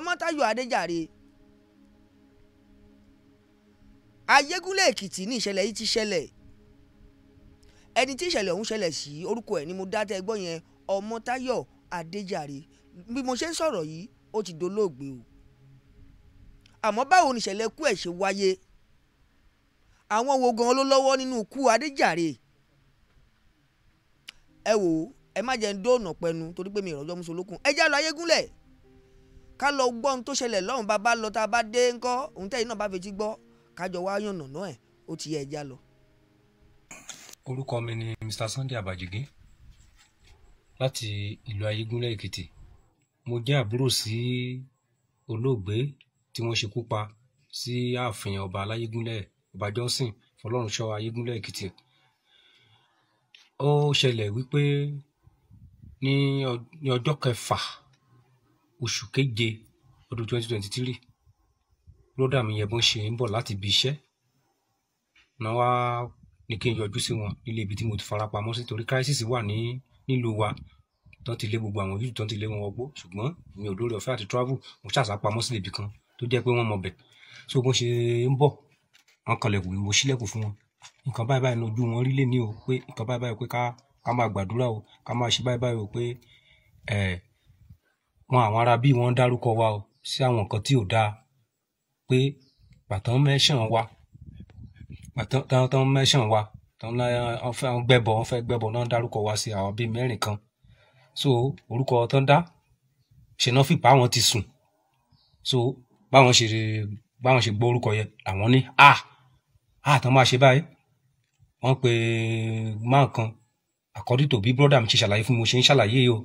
ọmọtayọ̀ adéjàre ayégúnlẹ̀ èkìtì ní ìṣẹ̀lẹ̀ yìí ti ṣẹlẹ̀ ẹni tí ìṣẹ̀lẹ̀ ọ̀hún ṣẹlẹ̀ sí orúkọ ẹ̀ ni mo dá tẹ́ gbọ́ yẹn ọmọtayọ̀ adéjàre bí mo ṣe ń sọ̀rọ̀ yìí ó ti dolóògbé o àmọ́ báwo ni ìṣẹ̀lẹ̀ ikú ẹ̀ ṣe wáyé àwọn wo gan ló lọ́wọ́ nínú ikú adéjàre ẹ wò ó ẹ má jẹ́ ń dóònà pẹnu torí pé mi ìrọ̀jọ́ mú ẹ já lọ ayégúnlẹ̀ ká lọ gbọ́ ohun tó ṣẹlẹ̀ lọ́hùn bàbá lọ tá a bá dé ńkọ́ ohun tẹ́yìn náà bá fetí gbọ́ kájọ wá yànnà náà ẹ̀ ó ti yẹ ẹja lọ. orúkọ mi ni Mr. Sunday Abajigi láti ìlú Ayégúnlẹ̀ Èkìtì mo jẹ́ àbúrò sí olóògbé tí wọ́n ṣekú pa sí ààfin ọba aláyégúnlẹ̀ ọba Johnson Fọlọ́runṣọ́ Ayégúnlẹ̀ Èkìtì ó ṣẹlẹ̀ wípé ní ọjọ́ kẹfà oṣù keje ọdún twenty twenty three lọ́dà mi yẹn bọ́n ṣe ń bọ̀ láti ibi iṣẹ́ náà wá ní kí n yọjú sí wọn nílé ibi tí mo ti fara pamọ́ sí torí crisis wà ní nílùú wa tán ti lé gbogbo àwọn yìí tán ti lé wọn wọgbó ṣùgbọ́n mi ò lórí ọ̀fẹ́ àti travel mo ṣàṣà pamọ́ sí ibì kan tó jẹ́ pé wọ́n mọ bẹ̀ so bọ́n ṣe ń bọ̀ wọn kanlẹ̀kùn mo ṣílẹ̀kùn fún wọn nǹkan báyìí báyìí lójú wọn rí lè ní o pé nǹkan báyìí báyìí pé ká máa gbàdúrà o ká máa ṣe báyìí báyìí o pé wọn àwọn ará bí wọn ń dárúkọ wa o sí àwọn nǹkan tí ò dáa pé pàtàn mẹ́sàn wa pàtàn tán mẹ́sàn wa tán gbẹ́bọ wọn fẹ́ gbẹ́bọ náà dárúkọ wa sí àwọn bíi mẹ́rin kan so orúkọ tán dá ṣẹ̀nà fìpá wọn ti sùn so báwọn ṣe báwọn ṣe gbọ́ orúkọ yẹn àwọn ní a a tán máa ṣe báyìí wọ́n pe máa kan àkọ́dítò brọ́dà mi ṣe ṣàlàyé fún mi mo ṣe ń ṣàlàyé yìí o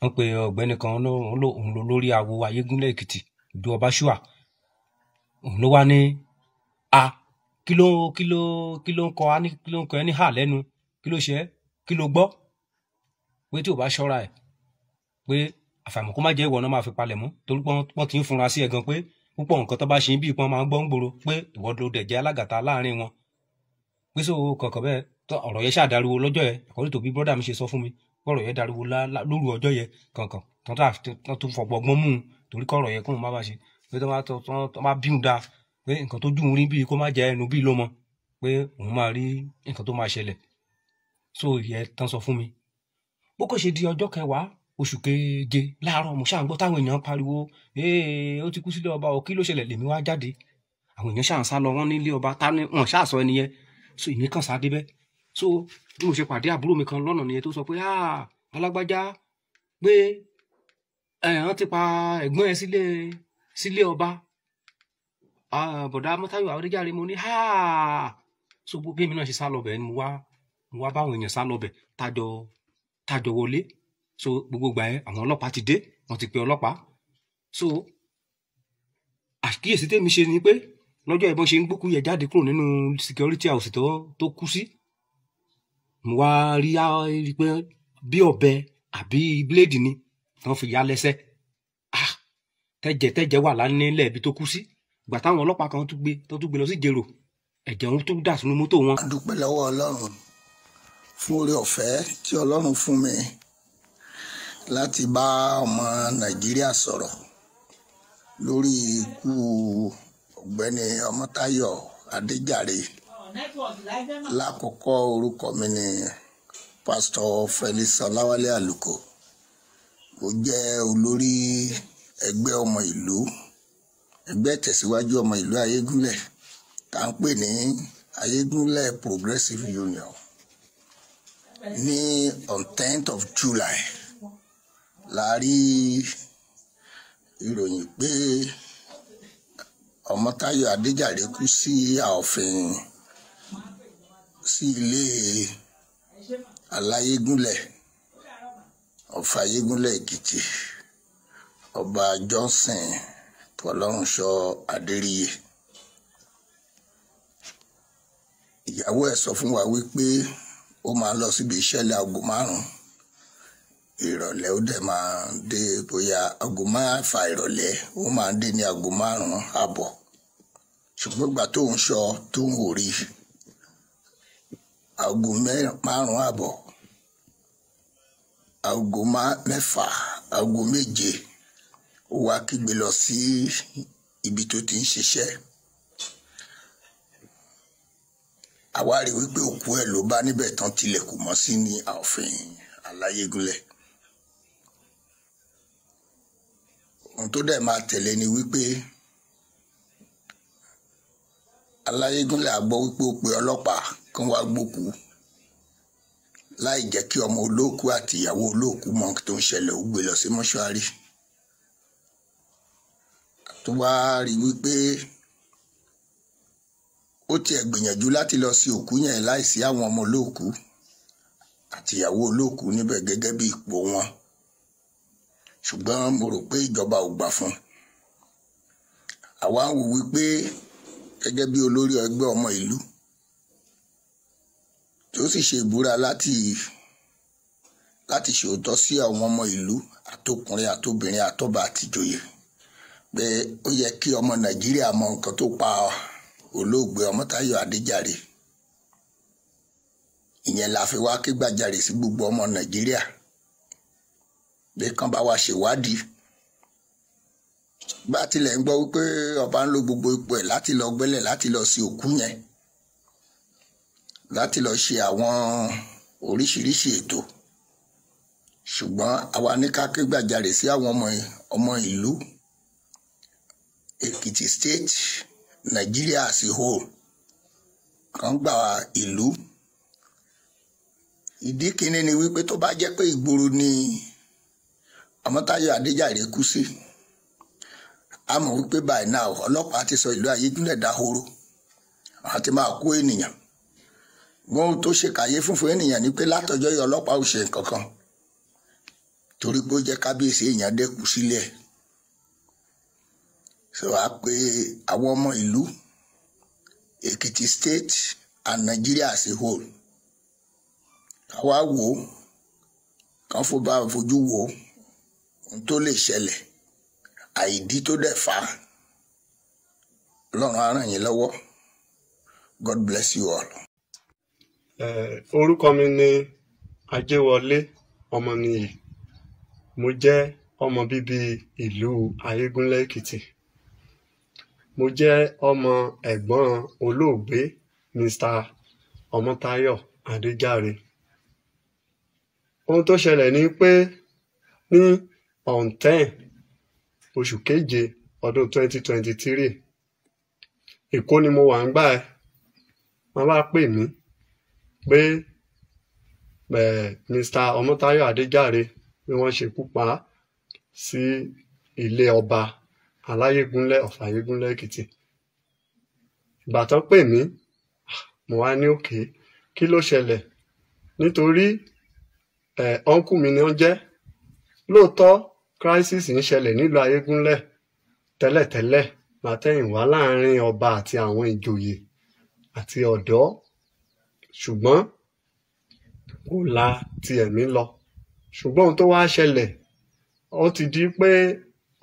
wọ́n pe ọ̀gbẹ́ni kan òun ló lórí awo ayégúnlẹ̀ èkìtì ìdú ọbáṣúà òun ló wá ní a kí ló kí ló kí ló ń kọ á ní kí ló ń kọ ẹ ní hà lẹ́nu kí ló ṣe é kí ló gbọ́ pé tí ò bá ṣọ́ra ẹ̀ pé àfàìmọ̀ kó má jẹ́ ìwọ náà máa fi palẹ̀ mọ́ torí wọ́n ti ń funra sí ẹ gan pé púpọ̀ nǹkan tó bá ṣe bí ìpọn máa ń gbọ́ ń gbòòrò pé ìwọ ló dẹ̀ jẹ́ alágàta láàrin wọn pé so kọ̀ọ̀kan bẹ́ẹ̀ ọ̀rọ̀ yẹn ṣàdariwo lọ́jọ́ ẹ̀ àkọ́lé tó bí mi ṣe sọ fún mi kọ̀rọ̀ yẹn dariwo lóru ọjọ́ yẹn kankan tán tó fọ̀gbọ̀gbọ́n mú un torí kọ̀rọ̀ yẹn kóun má bá ṣe pé tó má bíun dáa pé nǹkan tó dùn rí bíi kó má jẹ ẹnu bíi ló mọ pé òun máa rí nǹkan tó máa ṣẹlẹ̀ so ìyẹn tán sọ fún mi bó kò ṣe di ọjọ́ kẹwàá oṣù keje láàárọ̀ mo ṣáà ń gbọ́ táwọn èèyàn pariwo ee ó ti kú sílé ọba o kí ló ṣẹlẹ̀ lèmi wá jáde àwọn èèyàn ṣáà ń sá lọ wọ́n nílé ọba tá wọn ṣáà sọ ẹni yẹn so èmi kàn sá débẹ̀ so bí mo ṣe pàdé àbúrò mi kan lọ́nà nìyẹn tó sọ pé ah, alágbájá pé ẹ̀hán ti pa ẹ̀gbọ́n ẹ sílé sílé ọba ah, bọ̀dá mọ́tàyọ̀ àwọ̀déjàre mo ní ah. so gbogbo èmi náà ṣe sá lọ́bẹ̀ ni mo wá mo wá báwọn èèyàn sá lọ́bẹ̀ tájọ tájọ wọlé so gbogbo gbà yẹn àwọn ọlọ́pàá ti dé wọ́n ti pe ọlọ́pàá so àkíyèsí tèmi ṣe ni pé lọ́jọ́ ìbọn ṣe ń gbókú yẹ jáde kúrò nínú security house tó kú sí mo wá rí i pé bí ọ̀bẹ àbí bíléèdì ni wọ́n fi yá lẹ́sẹ̀ tẹ́jẹ̀ ah! tẹ́jẹ̀ wà lánilẹ̀ ibi tó kú sí ìgbà táwọn ọlọ́pàá kan tún gbé tó tún gbé lọ sí jèrò ẹ̀jẹ̀ òun tún dà sínú mọ́tò wọn. a lọ́wọ́ ọlọ́run fún oore ọ̀fẹ́ tí ọlọ́run fún mi láti bá ọmọ nàìjíríà sọ̀rọ̀ lórí ikú ọ̀gbẹ́ni ọmọtáyọ̀ adéjàre lákọ̀ọ́kọ́ orúkọ mi ni pásítọ̀ Felix Ọláwálé Àlùkò mo jẹ́ olórí ẹgbẹ́ ọmọ ìlú ẹgbẹ́ ìtẹ̀síwájú ọmọ ìlú Ayégúnlẹ̀ tá à ń pè ní Ayégúnlẹ̀ Progressive Union ní on tenth of July la rí ìròyìn pé Ọmọ́táyọ̀ Adéjàre kú sí ààfin. Si sí ilé aláyégúnlẹ̀ ọ̀fà ayégúnlẹ̀ èkìtì ọba johnson tọ́lọ́runṣọ́ adéríyè ìyàwó ẹ̀ sọ fún wa wípé ó máa lọ síbi iṣẹ́ láago márùn-ún ìrọ̀lẹ́ ó dẹ̀ máa dé bóyá aago márùn-ún ìrọ̀lẹ́ ó máa dé ní aago márùn-ún àbọ̀ ṣùgbọ́n ìgbà tóun ṣọ tóun ò rí i aago márùn-ún àbọ̀ aago mẹ́fà aago méje ó wá kígbe lọ sí ibi tó ti ń ṣiṣẹ́ àwa rí wípé òkú ẹ̀ ló bá níbẹ̀ tán tilẹ̀kùn mọ́ sí ní ààfin aláyégúnlẹ̀ ohun tó dẹ̀ máa tẹ̀lé ni wípé aláyégúnlẹ̀ á gbọ́ wípé ó pe ọlọ́pàá kán wá gbókú láì jẹ́ kí ọmọ olóòkú àti ìyàwó olóòkú mọ tó ń ṣẹlẹ̀ ó gbé lọ sí mọ́ṣúárì tó wá rí wípé ó tiẹ̀ gbìyànjú láti lọ sí òkú yẹn láìsí àwọn ọmọ olóòkú àti ìyàwó olóòkú níbẹ̀ gẹ́gẹ́ bí ipò wọn ṣùgbọ́n mo rò pé ìjọba ò gbà fún un àwa ń wò wípé gẹ́gẹ́ bí olórí ẹgbẹ́ ọmọ ìlú tó sì ṣe ìbúra láti láti ṣòótọ́ sí àwọn ọmọ ìlú àtọkùnrin àtobìnrin àtọba àtìjòyè pé ó yẹ kí ọmọ nàìjíríà mọ nǹkan tó pa olóògbé ọmọtáyọ̀ adéjàre ìyẹn la fi wá ké gbàjarè sí gbogbo ọmọ nàìjíríà pé kán bá wa ṣèwádìí bá tilẹ̀ ń gbọ́ wípé ọba ń lo gbogbo ipò ẹ̀ láti lọ gbẹ́lẹ̀ láti lọ sí òkú yẹn láti lọ ṣe àwọn oríṣiríṣi ètò ṣùgbọ́n àwa ní ká ké gbàjarè sí àwọn ọmọ ọmọ ìlú Èkìtì state Nàìjíríà as a whole kan gba ìlú ìdí kínní ni wípé tó bá jẹ́ pé ìgboro ni Ọmọ́táyọ̀ Adéjàre kú sí a mọ̀ wípé by now ọlọ́pàá ti sọ ìlú Ayéjúlẹ̀ dahoro àti máa kó ènìyàn wọn tó ṣe kàyéfì fún ènìyàn ni pé látọjọ́ yìí ọlọ́pàá ò ṣe nǹkan kan torí pé ó jẹ́ kábíyèsí èèyàn dẹ́kù sílẹ̀ so a pe àwọn ọmọ ìlú Èkìtì state and Nigeria as a whole àwa wò ó kàn fún bá fojú wò ó ohun tó lè ṣẹlẹ̀ àìdí tó dẹ̀ fà á Ọlọ́run á yín lọ́wọ́ God bless you all. Orúkọ mi ni Ajéwọlé Ọmọnìyì. Mo jẹ́ ọmọ bíbí ìlú Ayégúnlé Èkìtì. Mo jẹ́ ọmọ ẹ̀gbọ́n olóògbé Mr. Ọmọ́táyọ̀ Adéjàre. Ohun tó ṣẹlẹ̀ ni pé ní on ten oṣù kéje ọdún twenty twenty three Èkó ni mo wà ńgbà yẹn. Wọ́n wá pè mí pé mr ọmọtáyọ adéjàre bí wọn ṣekú pa á sí ilé ọba aláyégúnlẹ ọfàyégúnlẹ èkìtì ìgbà tán pè mí ah, mo wá ní òkè kí ló ṣẹlẹ̀ nítorí ẹ ọńkù mi ni wọ́n jẹ́ lóòótọ́ crisis ń ṣẹlẹ̀ nílùú ayégúnlẹ̀ tẹ́lẹ̀tẹ́lẹ̀ látẹ̀yìnwá láàrin ọba àti àwọn ìjòyè àti ọ̀dọ́ ṣùgbọ́n kò la ti ẹ̀mí lọ ṣùgbọ́n ohun tó wá ṣẹlẹ̀ ó ti di pé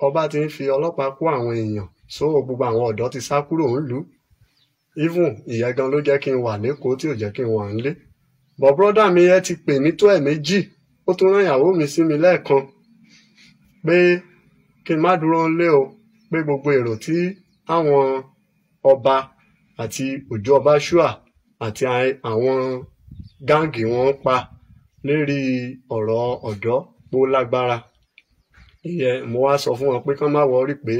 ọba ti ń fi ọlọ́pàá kó àwọn èèyàn so gbogbo àwọn ọ̀dọ́ ti sá kúrò ńlú even ìyẹn gan ló jẹ́ kí n wà lẹ́kọ̀ọ́ tí ò jẹ́ kí n wà ńlé bọ̀ brọ́dà mi ẹ ti pè mí tó ẹ̀ẹ̀mejì ó tún rán ìyàwó mi sí mi lẹ́ẹ̀kan pé kí n má dúró ńlé o pé gbogbo èrò tí àwọn ọba àti òjò ọba ṣúà àti àwọn gáǹgì wọn pa lérí ọ̀rọ̀ ọ̀dọ́ pó lágbára ìyẹn mo wá sọ fún wọn pé kán má wọrí pé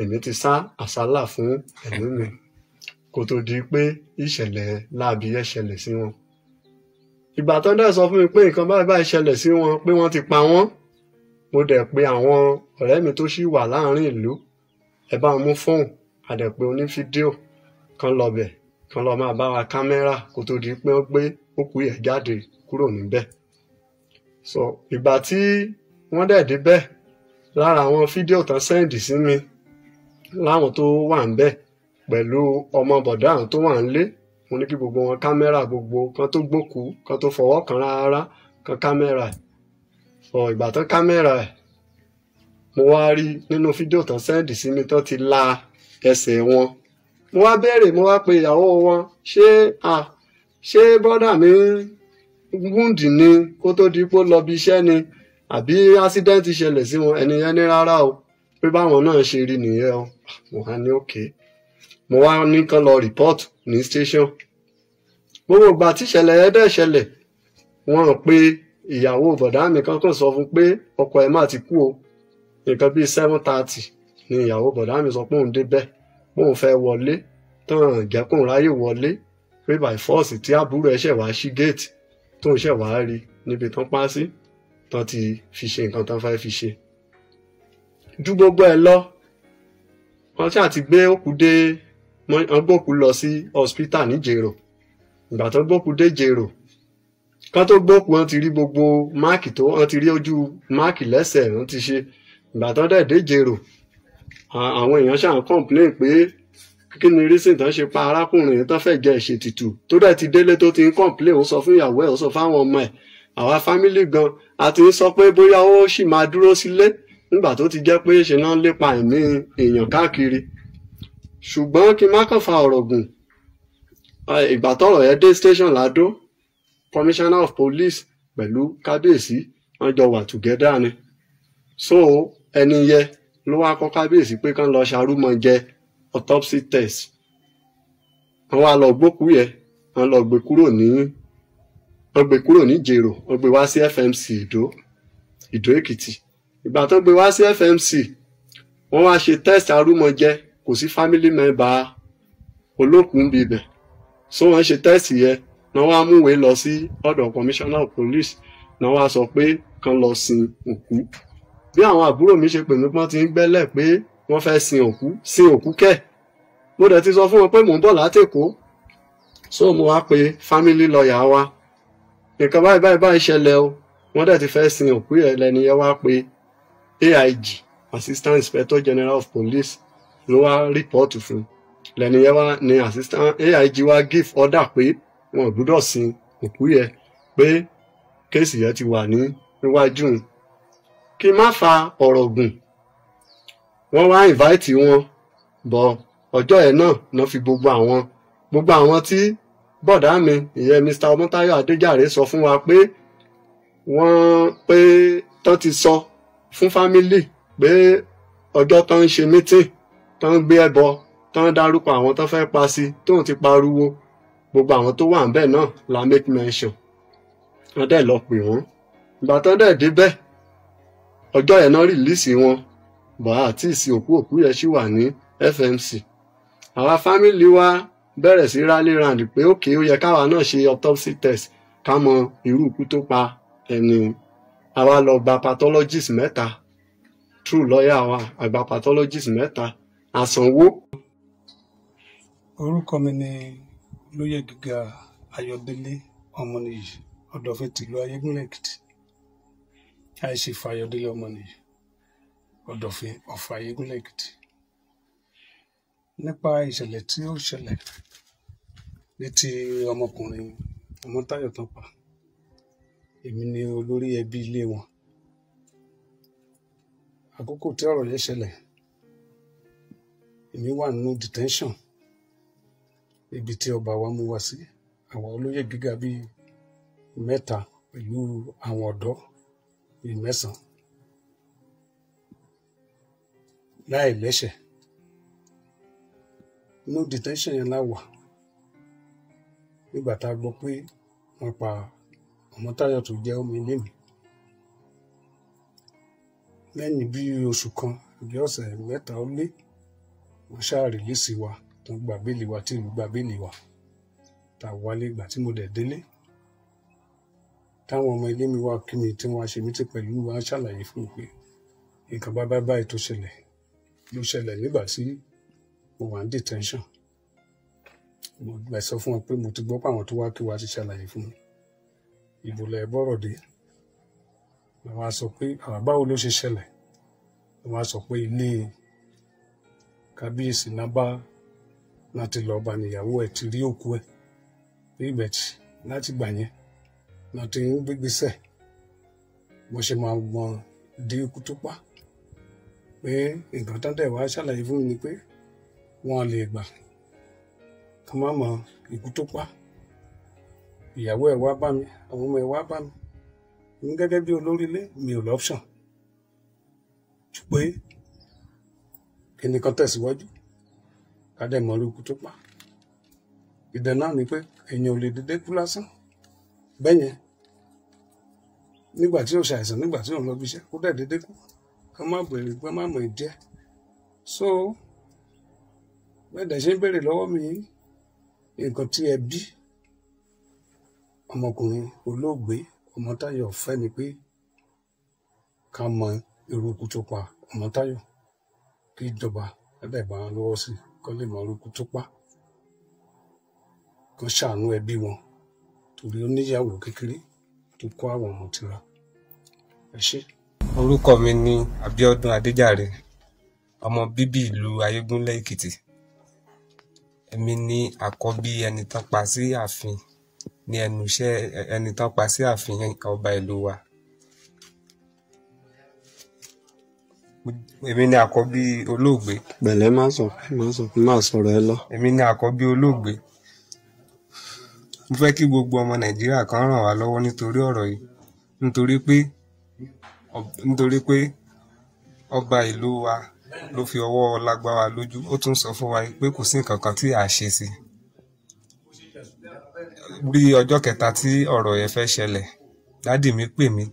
èmi ti sá àsálà fún ẹ̀mí mi kó tó di pé ìṣẹ̀lẹ̀ láabi yẹn ṣẹlẹ̀ sí wọn ìgbà tó dẹ̀ sọ fún mi pé nǹkan báyìí báyìí ṣẹlẹ̀ sí wọn pé wọ́n ti pa wọ́n mo dẹ̀ pe àwọn ọ̀rẹ́ mi tó ṣì wà láàrin ìlú ẹ bá wọn mú fóun àdẹ̀ pé oní fídíò kan lọ bẹ̀ Kan lọ máa bá wa kámẹ́rà kó tó di pé ó gbé òkú yẹn jáde kúrò níbẹ̀ so ìgbà tí wọ́n dẹ̀ débẹ̀ lára àwọn fídíò tán sẹ́ǹdì sí mi láwọn tó wà ń bẹ̀ pẹ̀lú ọmọ bọ̀dá àwọn tó wà ń lé mo ní kí gbogbo wọn kámẹ́rà gbogbo kan tó gbókú kan tó fọwọ́ kan rárá kan kámẹ́rà ẹ̀ so ìgbà tán kámẹ́rà mo wá rí nínú fídíò tán sẹ́ǹdì sí mi tán ti la ẹsẹ̀ wọn mo wá béèrè mo wá pe ìyàwó wọn ṣé à ṣé bọ́dà mi gúndì ni kó tó di pé lọ iṣẹ́ ni àbí ásídẹ́ǹtì ṣẹlẹ̀ sí wọn ẹni yẹn ní rárá o pé báwọn náà ṣe rí nìyẹn o mo wá ní òkè mo wá ní kán lọ rìpọ́ọ̀tù ní station gbogbo ìgbà tí ìṣẹ̀lẹ̀ yẹn dẹ̀ ṣẹlẹ̀ wọ́n pe ìyàwó bọ̀dá mi kankan sọ fún pé ọkọ ẹ̀ má ti kú o nǹkan bíi seven thirty ni ìyàwó bọ̀dá mi sọ pé òun débẹ̀ bóun fẹ́ wọlé tán ìjẹ́kùn ráyè wọlé pé by force tí àbúrò ẹ̀ ṣẹ̀ wá sí géètì tóun ṣẹ̀ wá rí níbi tán pa sí tán ti fi ṣe nǹkan tán fẹ́ fi ṣe. ju gbogbo ẹ̀ lọ wọ́n ṣáà ti gbé òkú dé wọ́n gbókú lọ sí hospital níjèrò ìgbà tó gbókú dé jèrò kán tó gbókú wọ́n ti rí gbogbo máàkì tó wọ́n ti rí ojú máàkì lẹ́sẹ̀ wọ́n ti ṣe ìgbà tó dẹ̀ dé jèrò àwọn èèyàn ṣáà ń complain pé kí ni reason tán ṣe pa arákùnrin yẹn tán fẹ́ jẹ ìṣètùtù tó dẹ̀ ti délé tó ti ń complain ó sọ fún ìyàwó ẹ̀ ó sọ fáwọn ọmọ ẹ̀ àwa fámílì gan a ti ń sọ pé bóyá ó sì máa dúró sílé nígbà tó ti jẹ́ pé ṣe náà lépa ẹ̀mí èèyàn káàkiri ṣùgbọ́n kí n má kàn fa ọ̀rọ̀ gùn ìgbà tọ́rọ̀ yẹn dé station lado commissioner of police pẹ̀lú kábíyèsí wọ́n jọ wà together ni so ẹni yẹn ló wá kọ kábíyèsí pé kán lọ ṣarúmọjẹ autopsy test wọ́n wá lọ gbókú yẹ wọ́n lọ gbé kúrò ní wọ́n gbé kúrò ní jèrò wọ́n gbé wá sí FMC ìdó ìdó èkìtì ìgbà tó gbé wá sí FMC wọ́n wá ṣe test arúmọjẹ kò sí family member olókùn bíbẹ so wọ́n ṣe test yẹ náà wá múwèé lọ sí ọ̀dọ̀ commissioner of police náà wá sọ pé kán lọ sin òkú bí àwọn àbúrò mi ṣe pè mí pọ́n ti ń gbẹ́lẹ̀ pé wọ́n fẹ́ sin òkú sin òkú kẹ̀ mo dẹ̀ ti sọ fún wọn pé mò ń bọ̀ látèkó so mo wá pe family lawyer wa nǹkan báyìí báyìí báyìí ṣẹlẹ̀ o wọ́n dẹ̀ ti fẹ́ sin òkú yẹn lẹ́ni yẹn wá pe AIG assistant inspector general of police ló wá rìpọ́ọ̀tù fún lẹ́ni yẹn wá ni assistant AIG wá give order pé wọn ò gbúdọ̀ sin òkú yẹn pé kéèsì yẹn ti wà ní níwájú kí n má fa ọ̀rọ̀ gùn wọ́n wá ìváìtì wọn bọ̀ ọjọ́ ẹ̀ náà ná fi gbogbo àwọn gbogbo àwọn tí bọ̀dá mi ìyẹn Mr Ọmọ́táyọ̀ Adéjàre sọ fún wa pé wọ́n pé tán ti sọ fún fámílì pé ọjọ́ tán ń ṣe mítìn tán ń gbé ẹbọ tán ń dárúkọ àwọn tán fẹ́ pa sí tóun ti pariwo gbogbo àwọn tó wà ń bẹ̀ náà la make mention wọ́n dẹ̀ lọ pè wọ́n ìgbà tán dẹ̀ débẹ̀ ọjọ́ yẹn náà rìlíìsì wọn bọ̀ àti ìsìn òkú òkú yẹn ṣì wà ní FMC àwa fámìlì wa bẹ̀rẹ̀ sí rally round pé òkè ó yẹ káwa náà ṣe autopsy test ká mọ irú ikú tó pa ẹni àwa lọ gba pathologist mẹ́ta true lawyer wa àgbà pathologist mẹ́ta àsanwó. orúkọ mi ni olóyè gíga Ayọ̀délé Ọmọnìyí ọ̀dọ̀fẹ́ tìlú Ayégúnlẹ̀ Èkìtì isaac fayọdélé ọmọnìyàn ọdọfin ọfà ayégúnlẹ̀ èkìtì nípa ìṣẹ̀lẹ̀ tí ó ṣẹlẹ̀ ní ti ọmọkùnrin ọmọtáyọ̀ tán pa èmi ni olórí ẹbí ilé wọn àkókò tí ọ̀rọ̀ yẹn ṣẹlẹ̀ èmi wà nínú detention ibi tí ọba wa mú wa sí àwọn olóyè gíga bíi mẹ́ta pẹ̀lú àwọn ọ̀dọ́ bíi mẹ́sàn-án láì lẹ́sẹ̀ inú detention yẹn láwà nígbà tá a gbọ́ pé wọ́n pa Ọmọ́táyọ̀ tó jẹ́ ọmọ ilé mi lẹ́yìn bíi oṣù kan ìgbé ọ̀sẹ̀ mẹ́ta ó lé wọ́n ṣáà rìlíìsì wa tó gbà béèlì wa tí ìlú gbà béèlì wa tá wálé ìgbà tí mo dẹ̀ délé táwọn ọmọ ilé mi wá kí mi tí wọ́n ṣe mí ti pẹ̀lú wa ṣàlàyé fún mi pé nǹkan bá bá báyìí tó ṣẹlẹ̀ ló ṣẹlẹ̀ nígbà tí mo wà ní detention mo gbà sọ fún wọn pé mo ti gbọ́ pé àwọn tó wá kí wa ti ṣàlàyé fún mi ìbò lẹ̀ bọ́rọ̀ dé àwọn á sọ pé àbáwo ló ṣe ṣẹlẹ̀ àwọn á sọ pé ilé kábíyèsí náà bá láti lọ́ọ́ bá níyàwó ẹ̀ ti rí òkú ẹ̀ nígbẹ̀tì láti gbà yẹn láti ń gbégbèsè bó ṣe máa gbọ́n dé ikú tó pa pé nǹkan tán tẹ̀ wá ṣàlàyé fún mi ni pé wọ́n lè gbà kí wọ́n mọ ikú tó pa ìyàwó ẹ̀ wá bá mi àwọn ọmọ ẹ̀ wá bá mi ní gẹ́gẹ́ bí olórí ilé mi ò lọ́pṣàn pé kí ni kan tẹ̀síwájú ká dẹ̀ mọ̀ orí ikú tó náà ni pé èèyàn ò lè dédé kú lásán bẹ́yẹn nígbà tí ò ṣàìsàn nígbà tí ò ń lọ bí iṣẹ́ kó dẹ̀ dédé kú kó má bèrè kó má mọ̀ díẹ̀ so bẹ́ẹ̀ dẹ̀ ṣe ń béèrè lọ́wọ́ mi nǹkan tí ẹ bí ọmọkùnrin olóògbé ọmọtáyọ̀ fẹ́ ni pé ká mọ irú ikú tó pa ọmọtáyọ̀ kí ìjọba ẹlẹ́gbà lọ́wọ́ sí kó mọ irú tó pa kó ṣàánú ẹbí wọn torí ó níyàwó kékeré tó kó àwọn ọmọ tira ẹ ṣé. orúkọ mi ni Abíọ́dún Adéjàre ọmọ bíbí ìlú Ayégúnlẹ̀ Èkìtì èmi ni àkọ́bí ẹni tán pa sí ààfin ní ẹnu iṣẹ́ ẹni tán pa sí ààfin ọba ìlú wa. èmi ni àkọ́bí olóògbé. bẹ̀lẹ́ má sọ má sọ má sọ̀rọ̀ ẹ lọ. èmi ni àkọ́bí olóògbé mo fẹ́ kí gbogbo ọmọ nàìjíríà kan ràn wá lọ́wọ́ nítorí ọ̀rọ̀ yìí nítorí pé nítorí pé ọba ìlú wa ló fi ọwọ́ lágbá wa lójú ó tún sọ fún wa pé kò sí nǹkan kan tí a ṣe sí bí ọjọ́ kẹta tí ọ̀rọ̀ yẹn fẹ́ ṣẹlẹ̀ dádì mi pè mí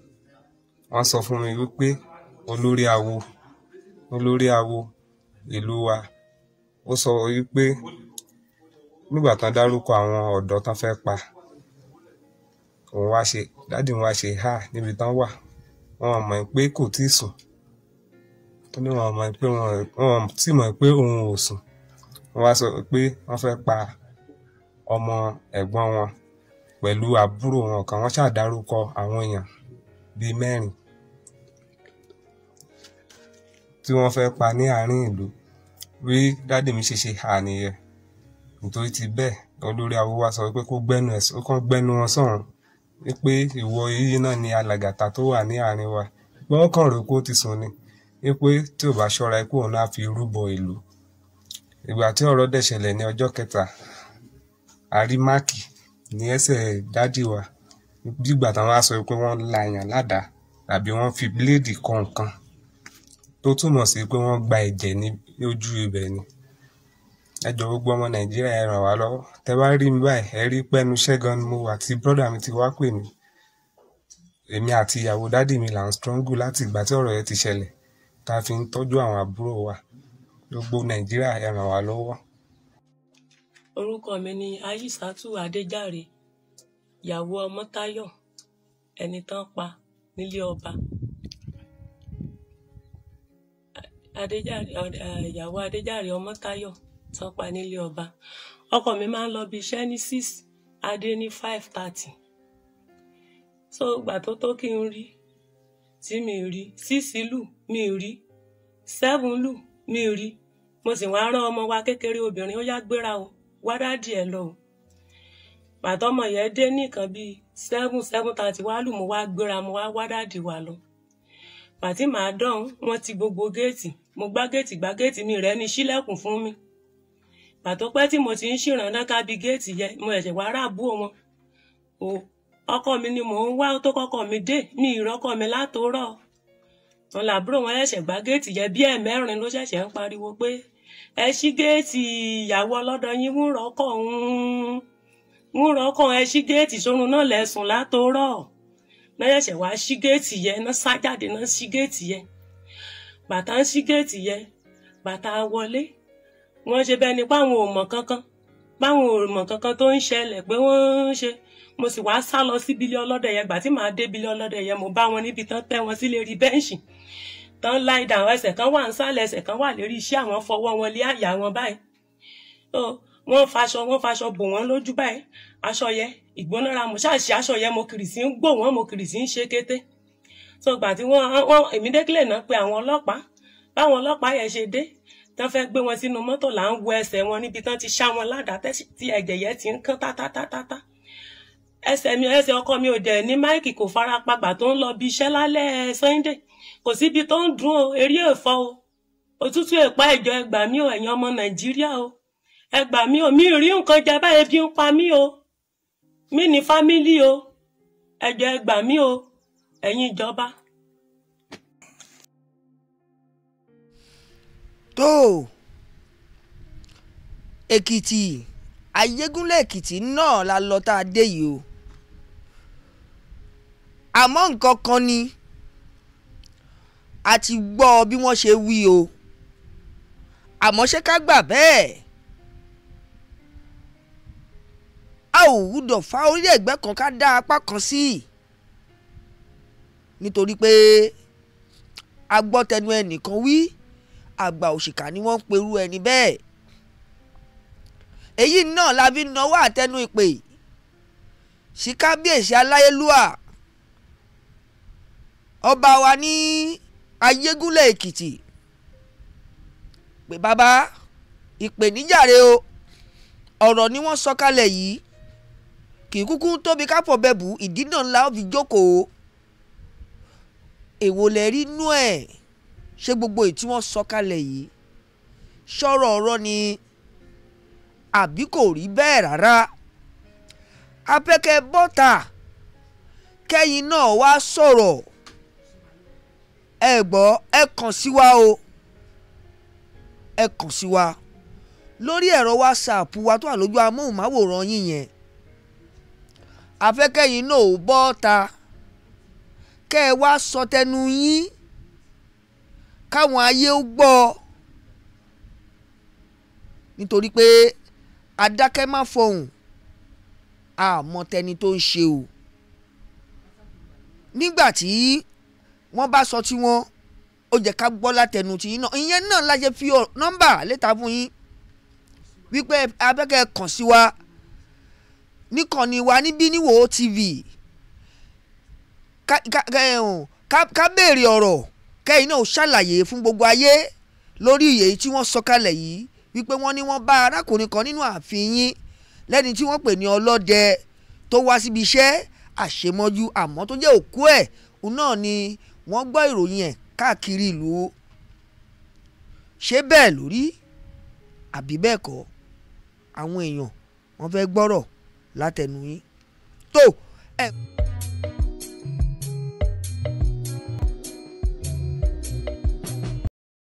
wọ́n mi wípé olórí awo olórí awo ìlú wa ó sọ wípé nígbà tán dárúkọ àwọn ọ̀dọ́ tán fẹ́ pa òun wá ṣe dáàdì òun wá ṣe ha níbi tán wà wọn mọ̀ pé kò tí ì sùn tó ní wọn mọ̀ pé wọn tí mọ̀ pé òun ò sùn wọn wá sọ pé wọ́n fẹ́ pa ọmọ ẹ̀gbọ́n wọn pẹ̀lú àbúrò wọn kan wọ́n ṣàdárúkọ àwọn èèyàn bíi mẹ́rin tí wọ́n fẹ́ pa ní àárín ìlú bí dáàdì mi ṣe ṣe hà nìyẹn nítorí ti bẹ́ẹ̀ olórí awo wa sọ pé kó gbẹ́nu ẹ̀ ó kàn gbẹ́nu wọn sọ̀rọ̀ pé ìwọ yìí náà ni alàgàtà tó wà ní àárín wa gbọ́n kàn rò kó ti sùn ni pé tí ò bá ṣọ́ra ikú òun á fi rúbọ ìlú ìgbà tí ọ̀rọ̀ dẹ̀ ṣẹlẹ̀ ní ọjọ́ kẹta àrímáàkì ní ẹsẹ̀ dádì wa gbígbà táwọn á sọ pé wọ́n la èèyàn ládàá tàbí wọ́n fi bíléèdì kan nǹkan tó túmọ̀ sí pé wọ́n gba ẹ̀jẹ̀ ní ojú ibẹ̀ ni ẹ jọ gbogbo ọmọ nàìjíríà ẹ ràn wá lọ́wọ́ tẹ bá rí mi báyìí ẹ rí pẹ́nu ṣẹ́gun mo àti brọ́dà mi ti wá pè mí èmi àti ìyàwó dádì mi là ń strọ́ngù láti ìgbà tí ọ̀rọ̀ yẹn ti ṣẹlẹ̀ tá a fi ń tọ́jú àwọn àbúrò wa gbogbo nàìjíríà ẹ ràn wá lọ́wọ́. orúkọ mi ni ayísàtú adéjàre ìyàwó ọmọtáyọ̀ ẹni tán pa nílé ọba ìyàwó adéjàre ọmọtáyọ̀ tán pa nílé ọba ọkọ mi máa ń lọ bí iṣẹ́ ní six adé ní five thirty so ìgbà tó tó kí n rí tí mi rí six lù mi rí seven lù mi rí mo sì wá rán ọmọ wa kékeré obìnrin ó yá gbéra o wá dádì ẹ lọ o pàtọ́mọ yẹn dé nìkan bíi seven seven thirty wá lù mo wá gbéra mo wá wá dádì wa lọ pàtí màá dán wọn ti gbogbo géètì mo gbá géètì gbá géètì mi rẹ ní ṣílẹ̀kùn fún mi pàtó pẹ́ tí mo ti ń ṣèrànlọ́ kábí géètì yẹ mo ẹ̀ṣẹ̀ wá ráàbù wọn o ọkọ mi ni mò ń wá tó kọkọ mi dé mi ìrọ́kọ mi látòórọ́ wọn làbúrò wọn ẹ̀ṣẹ̀ gbá géètì yẹ bí ẹ̀mẹ́rin ló ṣẹ̀ṣẹ̀ ń pariwo pé ẹ ṣí géètì ìyàwó ọlọ́dọ̀ yín ń rọ́kọ̀ ń rọ́kọ̀ ẹ ṣí géètì sórun náà lẹ́sùn látòórọ́ náà ṣẹ̀ṣẹ̀ wá ṣí géètì yẹ náà sá jáde ṣí géètì yẹ bàtà ń ṣí géètì yẹ bàtà wọlé wọ́n ṣe bẹ́ẹ̀ ni páwọn ò mọ̀ kankan páwọn ò mọ̀ kankan tó ń ṣẹlẹ̀ pé wọ́n ń ṣe mo sì wáá sá lọ sí bílẹ̀ ọlọ́dẹ yẹn gbà tí màá dé bílẹ̀ ọlọ́dẹ yẹn mo bá wọn níbi tán tẹ́ wọn sílé rí bẹ́ǹṣì tán láì dà àwọn ẹsẹ̀ kan wà ń sálẹ̀ ẹsẹ̀ kan wà lérí iṣẹ́ àwọn fọwọ́ wọn lé àyà wọn báyìí wọ́n faṣọ wọ́n faṣọ bò wọ́n lójú báyìí aṣọ yẹn ìgbónára mo ṣáàṣì aṣọ yẹn mo kiri sí ń gbò wọ́n mo kiri sí ń ṣe kété so gbà tí wọ́n èmi dékìlẹ̀ náà pé àwọn ọlọ́pàá báwọn ọlọ́pàá yẹn ṣe dé tán fẹ́ gbé wọn sínú mọ́tò là ń wo ẹsẹ̀ wọn níbi tán ti ṣá wọn ládàá tí ẹ̀jẹ̀ yẹn ti ń kán tátátátá ẹsẹ̀ mi ẹsẹ̀ ọkọ mi ò dẹ̀ ní máìkì kò fara pagbà tó ń lọ bí iṣẹ́ lálẹ́ sunday kò síbi tó ń dùn o eré èfọ́ o òtútù èpá ìjọ ẹgbà mi ò ẹ̀yin ọmọ nàìjíríà o ẹgbà mi ò mi rí nǹkan jẹ báyìí bí ń pa mí o mi ní fámílì o ẹjọ ẹgbà mi o ẹ̀yin ìjọba tóò èkìtì àyẹgúnlẹ̀ èkìtì náà la lọ tá a dé yìí o àmọ́ nǹkan kan ni a ti gbọ́ bí wọ́n ṣe wí o àmọ́ ṣé ká gbà bẹ́ẹ̀ a ò wúdọ̀ fa orí ẹ̀gbẹ́ kan ká dá apá kan sí i nítorí pé a gbọ́ tẹnu ẹnìkan wí àgbà òṣìkà ni wọ́n ń perú ẹni bẹ́ẹ̀ èyí náà la fi náwó àtẹnu ìpè sí kábíyèsí aláyélúwà ọba wa ní ayégúnlẹ̀ èkìtì pé bàbá ìpèníjà rèé o ọ̀rọ̀ ni wọ́n sọ kalẹ̀ yìí kì í kúkú tóbi kápọ̀ bẹ́bù ìdí náà ńlá ó fi jókòó èwo lẹ nú ẹ̀ ṣé gbogbo èyí tí wọ́n sọ kalẹ̀ yìí ṣọ́rọ̀ ọ̀rọ̀ ni àbí kò rí bẹ́ẹ̀ rárá abẹ́kẹ́ bọ́tà kẹ́yìn náà wá sọ̀rọ̀ ẹ gbọ́ ẹ kàn sí wa o ẹ kàn sí wa lórí ẹ̀rọ whatsapp wa tó wà lójú amóhùnmáwòrán yín yẹn afẹ́kẹ́yìn náà ò bọ́ta kẹ́ ẹ wá sọ tẹnu yín káwọn ayé ó gbọ́ ọ nítorí pé adákẹ́ má fọhùn àmọ́ tẹni tó ń ṣe o nígbà tí wọ́n bá sọ tiwọn ó jẹ́ ká gbọ́ látẹnu tí yín náà ìyẹn náà la ṣe fi nọ́mbà létà fún yín wípé abẹ́kẹ́ kàn sí wa níkànnì wa níbí níwò tv ká béèrè ọ̀rọ̀ kẹ́yìn náà ṣàlàyé fún gbogbo ayé lórí èyí tí wọ́n sọ kalẹ̀ yìí wípé wọ́n ní wọ́n bá arákùnrin kan nínú ààfin yín lẹ́ni tí wọ́n pè ní ọlọ́dẹ tó wá síbi iṣẹ́ àṣemọ́jú àmọ́ tó jẹ́ òkú ẹ̀ òun náà ni wọ́n gbọ́ ìròyìn ẹ̀ káàkiri ìlú ṣé bẹ́ẹ̀ lórí àbí bẹ́ẹ̀ kọ́ àwọn èèyàn wọ́n fẹ́ gbọ́rọ̀ látẹnu yín tó ẹ̀. Eh,